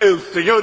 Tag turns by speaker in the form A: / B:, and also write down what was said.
A: El Señor